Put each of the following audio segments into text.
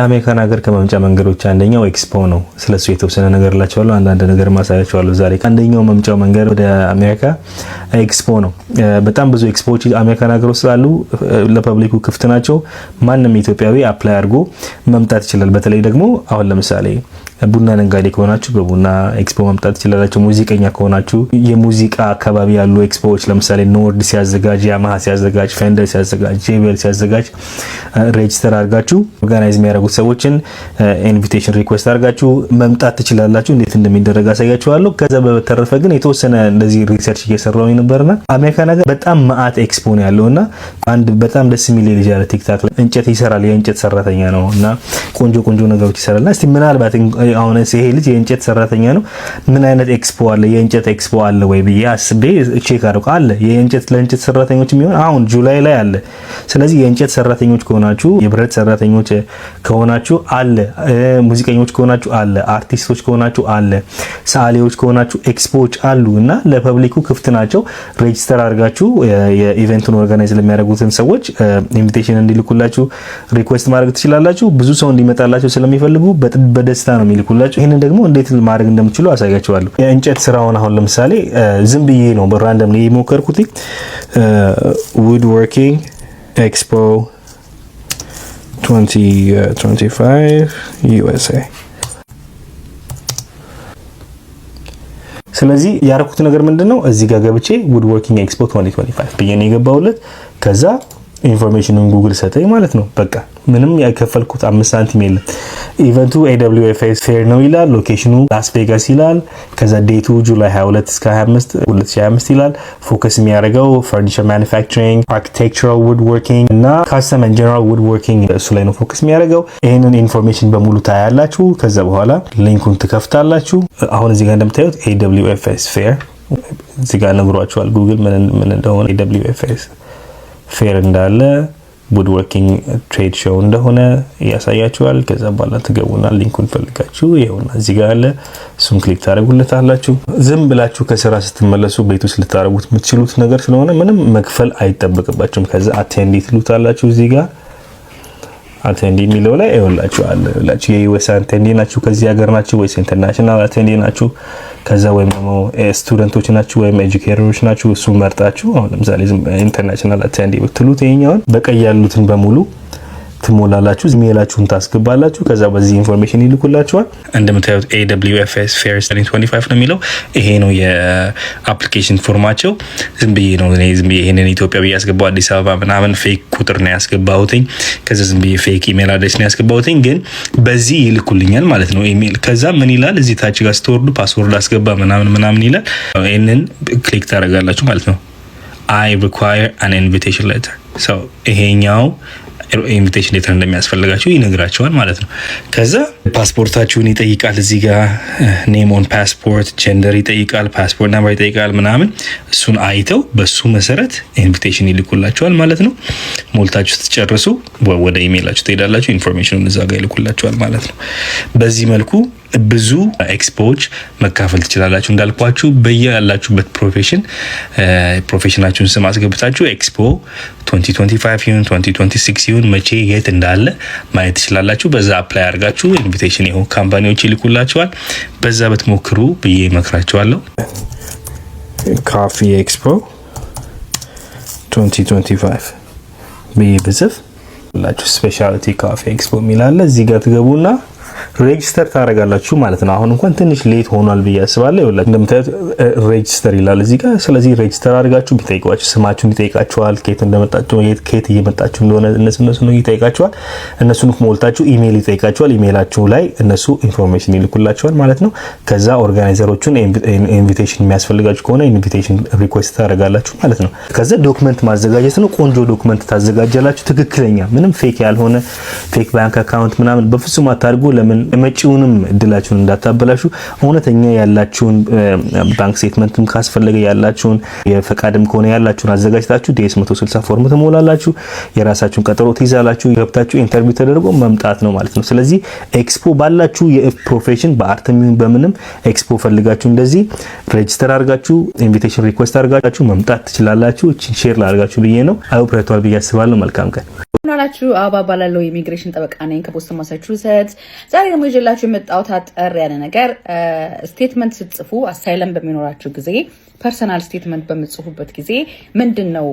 የአሜሪካን ሀገር ከመምጫ መንገዶች አንደኛው ኤክስፖ ነው። ስለሱ የተወሰነ ነገር እላቸዋለሁ። አንዳንድ ነገር ማሳያቸዋለሁ ዛሬ። አንደኛው መምጫው መንገድ ወደ አሜሪካ ኤክስፖ ነው። በጣም ብዙ ኤክስፖዎች አሜሪካን ሀገር ውስጥ ስላሉ ለፐብሊኩ ክፍት ናቸው። ማንም ኢትዮጵያዊ አፕላይ አድርጎ መምጣት ይችላል። በተለይ ደግሞ አሁን ለምሳሌ ቡና ነጋዴ ከሆናችሁ በቡና ኤክስፖ መምጣት ትችላላችሁ። ሙዚቀኛ ከሆናችሁ የሙዚቃ አካባቢ ያሉ ኤክስፖዎች ለምሳሌ ኖርድ ሲያዘጋጅ፣ ያማሃ ሲያዘጋጅ፣ ፌንደር ሲያዘጋጅ፣ ጄቤል ሲያዘጋጅ ሬጅስተር አድርጋችሁ ኦርጋናይዝ የሚያደርጉት ሰዎችን ኢንቪቴሽን ሪኩዌስት አድርጋችሁ መምጣት ትችላላችሁ። እንዴት እንደሚደረግ አሳያችኋለሁ። ከዛ በተረፈ ግን የተወሰነ እንደዚህ ሪሰርች እየሰራው ነበርና አሜሪካ ነገር በጣም መአት ኤክስፖ ነው ያለው እና አንድ በጣም ደስ የሚል ልጅ ያለ ቲክታክ ላይ እንጨት ይሰራል። የእንጨት ሰራተኛ ነው እና ቆንጆ ቆንጆ ነገሮች ይሰራልና እስቲ ምናልባት አሁን ይሄ ልጅ የእንጨት ሰራተኛ ነው፣ ምን አይነት ኤክስፖ አለ የእንጨት ኤክስፖ አለ ወይ ብዬ አስቤ ቼክ አድርጎ አለ የእንጨት ለእንጨት ሰራተኞች የሚሆን አሁን ጁላይ ላይ አለ። ስለዚህ የእንጨት ሰራተኞች ከሆናችሁ፣ የብረት ሰራተኞች ከሆናችሁ አለ፣ ሙዚቀኞች ከሆናችሁ አለ፣ አርቲስቶች ከሆናችሁ አለ፣ ሰዓሊዎች ከሆናችሁ ኤክስፖዎች አሉ እና ለፐብሊኩ ክፍት ናቸው። ሬጅስተር አድርጋችሁ የኢቨንቱን ኦርጋናይዝ ለሚያደርጉትን ሰዎች ኢንቪቴሽን እንዲልኩላችሁ ሪኩዌስት ማድረግ ትችላላችሁ። ብዙ ሰው እንዲመጣላቸው ስለሚፈልጉ በደስታ ነው የሚልኩላችሁ። ይህንን ደግሞ እንዴት ማድረግ እንደምችሉ አሳያችኋለሁ። የእንጨት ስራውን አሁን ለምሳሌ ዝም ብዬ ነው በራንደም ነው የሞከርኩት። ውድ ወርኪንግ ኤክስፖ 2025 ዩኤስኤ ስለዚህ ያደረኩት ነገር ምንድን ነው? እዚህ ጋር ገብቼ ውድ ወርኪንግ ኤክስፖ 2025 ብዬ ነው የገባሁለት። ከዛ ኢንፎርሜሽኑን ጉግል ሰጠኝ ማለት ነው በቃ ምንም ያከፈልኩት አምስት ሳንቲም የለም። ኢቨንቱ ኤደብሊው ኤፍ ፌር ነው ይላል። ሎኬሽኑ ላስ ቬጋስ ይላል። ከዛ ዴቱ ጁላይ 22 እስከ 25 2025 ይላል። ፎከስ የሚያደርገው ፈርኒቸር ማኒፋክቸሪንግ፣ አርኪቴክቸራል ውድ ወርኪንግ እና ካስተም ኤንድ ጀነራል ውድ ወርኪንግ እሱ ላይ ነው ፎከስ የሚያደርገው። ይህንን ኢንፎርሜሽን በሙሉ ታያላችሁ። ከዛ በኋላ ሊንኩን ትከፍታላችሁ። አሁን እዚህ ጋር እንደምታዩት ኤፍ ኤስ ፌር እዚህ ጋር ነግሯችኋል። ጉግል ምን እንደሆነ ኤደብሊው ኤፍ ፌር እንዳለ ውድ ትሬድ ሾው እንደሆነ ያሳያችኋል። ከዛ በኋላ ትገቡና ሊንኩን ፈልጋችሁ ይኸውና እዚህ ጋር አለ። እሱን ክሊክ አላችሁ። ዝም ብላችሁ ከስራ ስትመለሱ ቤት ውስጥ ልታደረጉት የምትችሉት ነገር ስለሆነ ምንም መክፈል አይጠበቅባችሁም። ከዛ አቴንዲ አላችሁ እዚህ ጋር አቴንዲ የሚለው ላይ ይወላችኋል ላችሁ የዩኤስ አቴንዲ ናችሁ፣ ከዚህ ሀገር ናችሁ ወይስ ኢንተርናሽናል አቴንዲ ናችሁ፣ ከዛ ወይም ደግሞ ስቱደንቶች ናችሁ ወይም ኤጁኬተሮች ናችሁ፣ እሱ መርጣችሁ አሁን ለምሳሌ ኢንተርናሽናል አቴንዲ ብትሉት ይሄኛውን በቀይ ያሉትን በሙሉ ትሞላላችሁ፣ ሜላችሁን ታስገባላችሁ። ከዛ በዚህ ኢንፎርሜሽን ይልኩላችኋል። እንደምታዩት ኤ ደብሊው ኤስ ፌር 25 ነው የሚለው ይሄ ነው የአፕሊኬሽን ፎርማቸው። ዝም ብዬ ነው ዝም ብዬ ይሄንን ኢትዮጵያ ብዬ ያስገባው አዲስ አበባ ምናምን ፌክ ቁጥር ነው ያስገባሁትኝ። ከዛ ዝም ብዬ ፌክ ኢሜል አድሬስ ነው ያስገባሁትኝ፣ ግን በዚህ ይልኩልኛል ማለት ነው ኢሜል። ከዛ ምን ይላል እዚህ ታች ጋር ስትወርዱ ፓስወርድ አስገባ ምናምን ምናምን ይላል። ይህንን ክሊክ ታደርጋላችሁ ማለት ነው። አይ ሪኳየር አን ኢንቪቴሽን ሌተር ሰው ይሄኛው ኢንቪቴሽን ሌተር እንደሚያስፈልጋቸው ይነግራቸዋል ማለት ነው። ከዛ ፓስፖርታችሁን ይጠይቃል። እዚህ ጋር ኔሞን ፓስፖርት፣ ጀንደር ይጠይቃል፣ ፓስፖርት ናምበር ይጠይቃል ምናምን። እሱን አይተው በሱ መሰረት ኢንቪቴሽን ይልኩላቸዋል ማለት ነው። ሞልታችሁ ስትጨርሱ ወደ ኢሜይላችሁ ትሄዳላችሁ። ኢንፎርሜሽኑን እዛ ጋር ይልኩላቸዋል ማለት ነው። በዚህ መልኩ ብዙ ኤክስፖዎች መካፈል ትችላላችሁ። እንዳልኳችሁ በየ ያላችሁበት ፕሮፌሽን ፕሮፌሽናችሁን ስም አስገብታችሁ ኤክስፖ 2025 ይሁን 2026 ይሁን መቼ የት እንዳለ ማየት ትችላላችሁ። በዛ አፕላይ አድርጋችሁ ኢንቪቴሽን ይኸው ካምፓኒዎች ይልኩላችኋል። በዛ ብትሞክሩ ብዬ እመክራችኋለሁ። ካፊ ኤክስፖ 2025 ብዬ ብጽፍ ላችሁ ስፔሻሊቲ ካፌ ኤክስፖ የሚላለ እዚህ ጋር ትገቡና ሬጅስተር ታደርጋላችሁ ማለት ነው። አሁን እንኳን ትንሽ ሌት ሆኗል ብዬ አስባለሁ። ይኸውላችሁ እንደምታዩት ሬጅስተር ይላል እዚህ ጋር። ስለዚህ ሬጅስተር አድርጋችሁ ቢጠይቋችሁ ስማችሁን ይጠይቃችኋል፣ ከየት እንደመጣችሁ ከየት እየመጣችሁ እንደሆነ እነሱ እነሱ ነው ይጠይቃችኋል። እነሱን ሞልታችሁ ኢሜይል ይጠይቃችኋል። ኢሜይላችሁ ላይ እነሱ ኢንፎርሜሽን ይልኩላችኋል ማለት ነው። ከዛ ኦርጋናይዘሮቹን ኢንቪቴሽን የሚያስፈልጋችሁ ከሆነ ኢንቪቴሽን ሪኩዌስት ታደርጋላችሁ ማለት ነው። ከዛ ዶክመንት ማዘጋጀት ነው። ቆንጆ ዶክመንት ታዘጋጃላችሁ። ትክክለኛ ምንም ፌክ ያልሆነ ፌክ ባንክ አካውንት ምናምን በፍጹም አታድርጉ። ለምን ለምን መጪውንም እድላችሁን እንዳታበላሹ እውነተኛ ያላችሁን ባንክ ስቴትመንትም ካስፈለገ ያላችሁን የፈቃድም ከሆነ ያላችሁን አዘጋጅታችሁ ዲኤስ 160 ፎርም ትሞላላችሁ። የራሳችሁን ቀጠሮ ትይዛላችሁ። ገብታችሁ ኢንተርቪው ተደርጎ መምጣት ነው ማለት ነው። ስለዚህ ኤክስፖ ባላችሁ የፕሮፌሽን በአርትም ይሁን በምንም ኤክስፖ ፈልጋችሁ እንደዚህ ሬጅስተር አድርጋችሁ ኢንቪቴሽን ሪኩዌስት አድርጋችሁ መምጣት ትችላላችሁ። ሼር ላድርጋችሁ ብዬ ነው። አይ ኦፕሬቷል ብዬ አስባለሁ። መልካም ቀን ምናላችሁ አበባ ባላለው የኢሚግሬሽን ጠበቃ ነኝ ከቦስተን ማሳቹሴትስ። ዛሬ ደግሞ ይዤላችሁ የመጣሁት አጠር ያለ ነገር ስቴትመንት ስትጽፉ አሳይለም በሚኖራችሁ ጊዜ ፐርሰናል ስቴትመንት በምትጽፉበት ጊዜ ምንድን ነው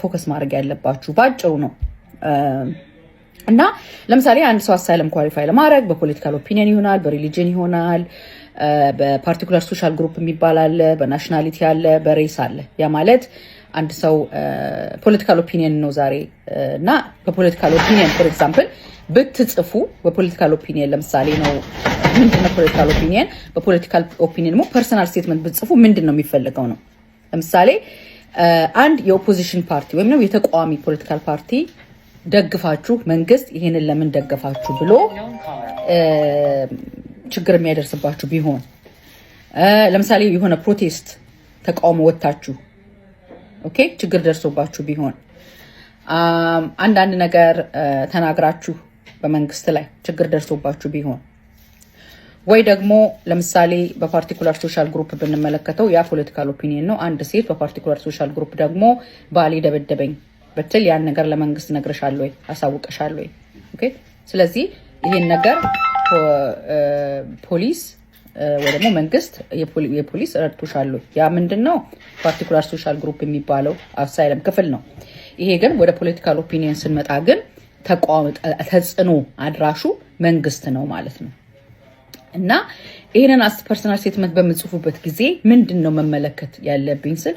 ፎከስ ማድረግ ያለባችሁ ባጭሩ ነው እና ለምሳሌ አንድ ሰው አሳይለም ኳሊፋይ ለማድረግ በፖለቲካል ኦፒኒየን ይሆናል፣ በሪሊጅን ይሆናል፣ በፓርቲኩላር ሶሻል ግሩፕ የሚባል አለ፣ በናሽናሊቲ አለ፣ በሬስ አለ ያ ማለት አንድ ሰው ፖለቲካል ኦፒኒየን ነው ዛሬ እና በፖለቲካል ኦፒኒየን ፎር ኤግዛምፕል ብትጽፉ በፖለቲካል ኦፒኒየን ለምሳሌ ነው ምንድን ነው ፖለቲካል ኦፒኒየን? በፖለቲካል ኦፒኒየን ደግሞ ፐርሰናል ስቴትመንት ብትጽፉ ምንድን ነው የሚፈልገው ነው። ለምሳሌ አንድ የኦፖዚሽን ፓርቲ ወይም ደግሞ የተቃዋሚ ፖለቲካል ፓርቲ ደግፋችሁ መንግስት ይህንን ለምን ደገፋችሁ ብሎ ችግር የሚያደርስባችሁ ቢሆን ለምሳሌ የሆነ ፕሮቴስት ተቃውሞ ወጥታችሁ ኦኬ ችግር ደርሶባችሁ ቢሆን አንዳንድ ነገር ተናግራችሁ በመንግስት ላይ ችግር ደርሶባችሁ ቢሆን ወይ ደግሞ ለምሳሌ በፓርቲኩላር ሶሻል ግሩፕ ብንመለከተው ያ ፖለቲካል ኦፒኒየን ነው። አንድ ሴት በፓርቲኩላር ሶሻል ግሩፕ ደግሞ ባሌ ደበደበኝ ብትል ያን ነገር ለመንግስት ነግረሻል ወይ አሳውቀሻል ወይ? ስለዚህ ይህን ነገር ፖሊስ ወይ ደግሞ መንግስት የፖሊስ አሉ ያ ምንድን ነው ፓርቲኩላር ሶሻል ግሩፕ የሚባለው አሳይለም ክፍል ነው። ይሄ ግን ወደ ፖለቲካል ኦፒኒየን ስንመጣ ግን ተጽዕኖ አድራሹ መንግስት ነው ማለት ነው። እና ይህንን ፐርሰናል ስቴትመንት በምጽፉበት ጊዜ ምንድን ነው መመለከት ያለብኝ ስል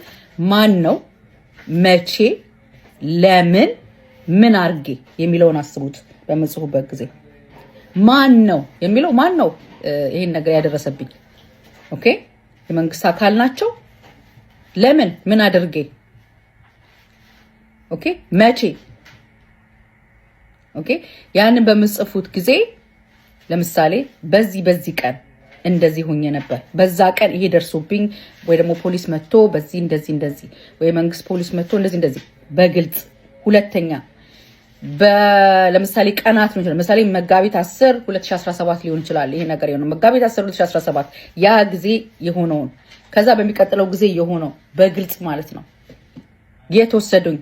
ማን ነው፣ መቼ፣ ለምን፣ ምን አድርጌ የሚለውን አስቡት በምጽፉበት ጊዜ ማን ነው የሚለው ማን ነው ይሄን ነገር ያደረሰብኝ? ኦኬ የመንግስት አካል ናቸው። ለምን ምን አድርጌ? ኦኬ መቼ? ኦኬ ያንን በምጽፉት ጊዜ ለምሳሌ በዚህ በዚህ ቀን እንደዚህ ሆኜ ነበር፣ በዛ ቀን ይሄ ደርሶብኝ፣ ወይ ደግሞ ፖሊስ መጥቶ በዚህ እንደዚህ እንደዚህ፣ ወይ መንግስት ፖሊስ መጥቶ እንደዚህ እንደዚህ በግልጽ ሁለተኛ ለምሳሌ ቀናት ሊሆን ይችላል። ምሳሌ መጋቢት 10 2017 ሊሆን ይችላል። ይሄ ነገር የሆነው መጋቢት 10 2017 ያ ጊዜ የሆነውን ከዛ በሚቀጥለው ጊዜ የሆነው በግልጽ ማለት ነው የተወሰዱኝ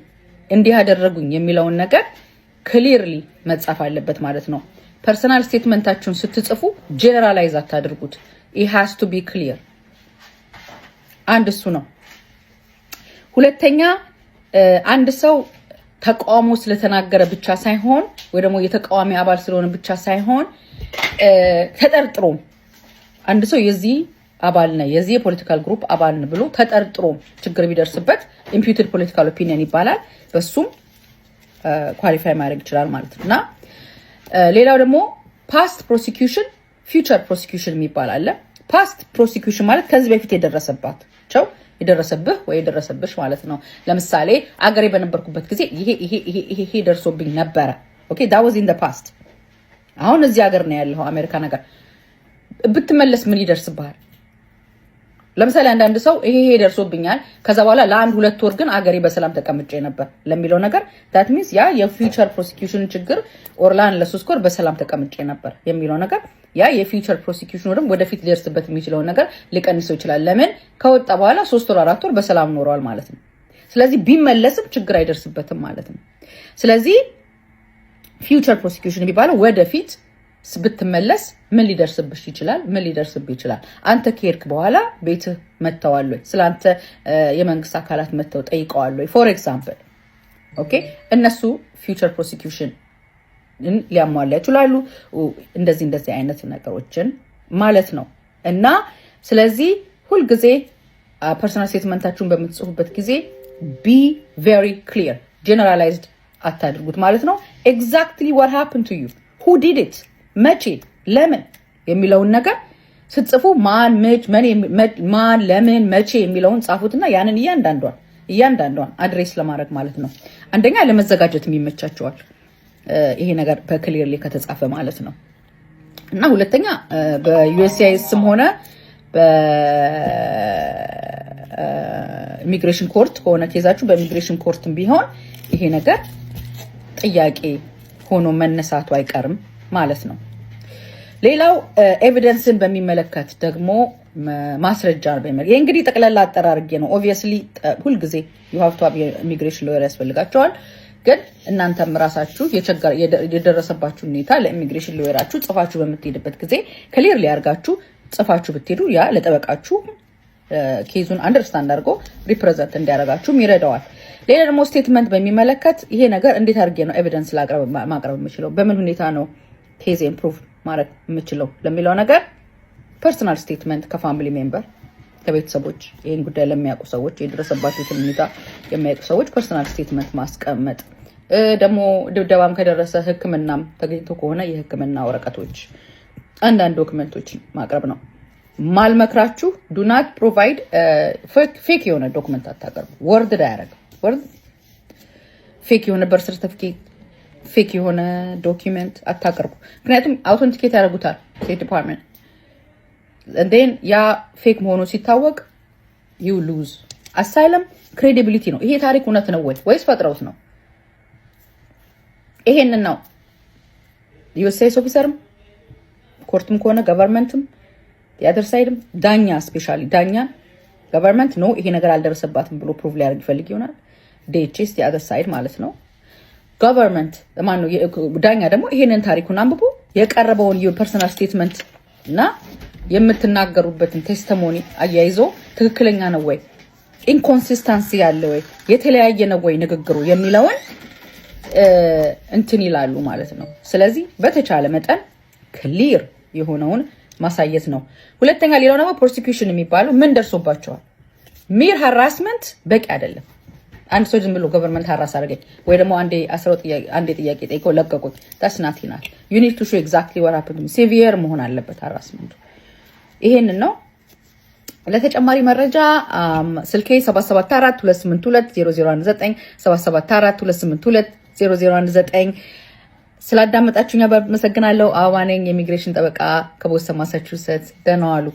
እንዲህ ያደረጉኝ የሚለውን ነገር ክሊርሊ መጻፍ አለበት ማለት ነው። ፐርሰናል ስቴትመንታችሁን ስትጽፉ ጀነራላይዝ አታድርጉት። ኢ ሃዝ ቱ ቢ ክሊር። አንድ እሱ ነው። ሁለተኛ አንድ ሰው ተቃውሞ ስለተናገረ ብቻ ሳይሆን ወይ ደግሞ የተቃዋሚ አባል ስለሆነ ብቻ ሳይሆን ተጠርጥሮ አንድ ሰው የዚህ አባል ነ የዚህ የፖለቲካል ግሩፕ አባል ነ ብሎ ተጠርጥሮ ችግር ቢደርስበት ኢምፒውትድ ፖለቲካል ኦፒኒየን ይባላል። በሱም ኳሊፋይ ማድረግ ይችላል ማለት ነው እና ሌላው ደግሞ ፓስት ፕሮሲኪሽን ፊውቸር ፕሮሲኪውሽን የሚባል አለ። ፓስት ፕሮሲኪውሽን ማለት ከዚህ በፊት የደረሰባቸው የደረሰብህ ወይ የደረሰብሽ ማለት ነው። ለምሳሌ አገሬ በነበርኩበት ጊዜ ይሄ ይሄ ይሄ ደርሶብኝ ነበረ። ኦኬ ዳት ዋዝ ኢን ዘ ፓስት። አሁን እዚህ ሀገር ነው ያለው አሜሪካ ነገር ብትመለስ ምን ይደርስብሃል? ለምሳሌ አንዳንድ ሰው ይሄ ይሄ ደርሶብኛል ከዛ በኋላ ለአንድ ሁለት ወር ግን አገሬ በሰላም ተቀምጬ ነበር ለሚለው ነገር ዳት ሚንስ ያ የፊውቸር ፕሮሲኪዩሽን ችግር ኦርላን ለአንድ ለሶስት ወር በሰላም ተቀምጬ ነበር የሚለው ነገር ያ የፊውቸር ፕሮሲኪዩሽን ወይም ወደፊት ሊደርስበት የሚችለውን ነገር ሊቀንሰው ይችላል። ለምን ከወጣ በኋላ ሶስት ወር አራት ወር በሰላም ኖረዋል ማለት ነው። ስለዚህ ቢመለስም ችግር አይደርስበትም ማለት ነው። ስለዚህ ፊውቸር ፕሮሲኪዩሽን የሚባለው ወደፊት ብትመለስ ምን ሊደርስብሽ ይችላል? ምን ሊደርስብ ይችላል? አንተ ከሄድክ በኋላ ቤትህ መጥተዋል ወይ? ስለአንተ የመንግስት አካላት መጥተው ጠይቀዋል ወይ? ፎር ኤግዛምፕል ኦኬ። እነሱ ፊውቸር ፕሮሲኪውሽን ሊያሟላ ይችላሉ። እንደዚህ እንደዚህ አይነት ነገሮችን ማለት ነው። እና ስለዚህ ሁልጊዜ ፐርሰናል ስቴትመንታችሁን በምትጽፉበት ጊዜ ቢ ቬሪ ክሊር፣ ጀነራላይዝድ አታድርጉት ማለት ነው። ኤግዛክትሊ ዋት ሃፕን ቱ ዩ ሁ ዲድ ኢት መቼ፣ ለምን የሚለውን ነገር ስትጽፉ ማን ማን፣ ለምን፣ መቼ የሚለውን ጻፉትና ያንን እያንዳንዷን እያንዳንዷን አድሬስ ለማድረግ ማለት ነው። አንደኛ ለመዘጋጀት የሚመቻቸዋል ይሄ ነገር በክሊርሊ ከተጻፈ ማለት ነው። እና ሁለተኛ በዩኤስሲአይኤስም ሆነ በኢሚግሬሽን ኮርት ከሆነ ኬዛችሁ በኢሚግሬሽን ኮርትም ቢሆን ይሄ ነገር ጥያቄ ሆኖ መነሳቱ አይቀርም። ማለት ነው። ሌላው ኤቪደንስን በሚመለከት ደግሞ ማስረጃ ይህ እንግዲህ ጠቅላላ አጠራርጌ ነው። ኦብቪየስሊ ሁልጊዜ የሀብቷ ኢሚግሬሽን ሎየር ያስፈልጋቸዋል። ግን እናንተም ራሳችሁ የደረሰባችሁ ሁኔታ ለኢሚግሬሽን ሎየራችሁ ጽፋችሁ በምትሄድበት ጊዜ ክሊር ሊያርጋችሁ ጽፋችሁ ብትሄዱ ያ ለጠበቃችሁ ኬዙን አንደርስታንድ አድርጎ ሪፕሬዘንት እንዲያደርጋችሁም ይረዳዋል። ሌላ ደግሞ ስቴትመንት በሚመለከት ይሄ ነገር እንዴት አድርጌ ነው ኤቪደንስ ማቅረብ የምችለው በምን ሁኔታ ነው ኬዝ ኢምፕሩቭ ማድረግ የምችለው ለሚለው ነገር ፐርሰናል ስቴትመንት ከፋሚሊ ሜምበር ከቤተሰቦች ይህን ጉዳይ ለሚያውቁ ሰዎች የደረሰባቸውን ሁኔታ የሚያውቁ ሰዎች ፐርሰናል ስቴትመንት ማስቀመጥ ደግሞ ድብደባም ከደረሰ ሕክምናም ተገኝቶ ከሆነ የሕክምና ወረቀቶች፣ አንዳንድ ዶክመንቶችን ማቅረብ ነው። ማልመክራችሁ ዱናት ፕሮቫይድ ፌክ የሆነ ዶክመንት አታቀርቡ። ወርድ ዳያረግ ወርድ ፌክ የሆነ በር ሰርተፊኬት ፌክ የሆነ ዶኪመንት አታቅርቡ። ምክንያቱም አውቶንቲኬት ያደርጉታል ስቴት ዲፓርትመንት። ን ያ ፌክ መሆኑ ሲታወቅ ዩ ሉዝ አሳይለም ክሬዲቢሊቲ ነው። ይሄ ታሪክ እውነት ነው ወይ ወይስ ፈጥረውት ነው? ይሄንን ነው ዩስስ ኦፊሰርም ኮርትም ከሆነ ገቨርንመንትም የአደር ሳይድም ዳኛ ስፔሻሊ ዳኛ ገቨርንመንት ነው ይሄ ነገር አልደረሰባትም ብሎ ፕሩቭ ሊያደርግ ይፈልግ ይሆናል። ዴችስ የአደር ሳይድ ማለት ነው። ማን ነው ዳኛ ደግሞ ይሄንን ታሪኩን አንብቦ የቀረበውን የፐርሰናል ስቴትመንት እና የምትናገሩበትን ቴስተሞኒ አያይዞ ትክክለኛ ነው ወይ ኢንኮንሲስታንሲ ያለ ወይ የተለያየ ነው ወይ ንግግሩ የሚለውን እንትን ይላሉ ማለት ነው። ስለዚህ በተቻለ መጠን ክሊር የሆነውን ማሳየት ነው። ሁለተኛ ሌላው ደግሞ ፕሮሲኪዩሽን የሚባለው ምን ደርሶባቸዋል? ሚር ሃራስመንት በቂ አይደለም። አንድ ሰው ዝም ብሎ ገቨርንመንት አራስ አድርገኝ ወይ ደግሞ አንዴ ጥያቄ ጠይቆ ለቀቁኝ፣ ተስናት ይናል ዩኒት ቱ ሾ ኤግዛክትሊ ወር ሀፕንድ ሲቪየር መሆን አለበት ሀራስመንቱ። ይሄንን ነው። ለተጨማሪ መረጃ um, ስልኬ 774282009 774282009። ስላዳመጣችሁኛ በመሰግናለሁ። አበባ ነኝ፣ የኢሚግሬሽን ጠበቃ ከቦስተን ማሳቹሴትስ። ደህና ዋሉ።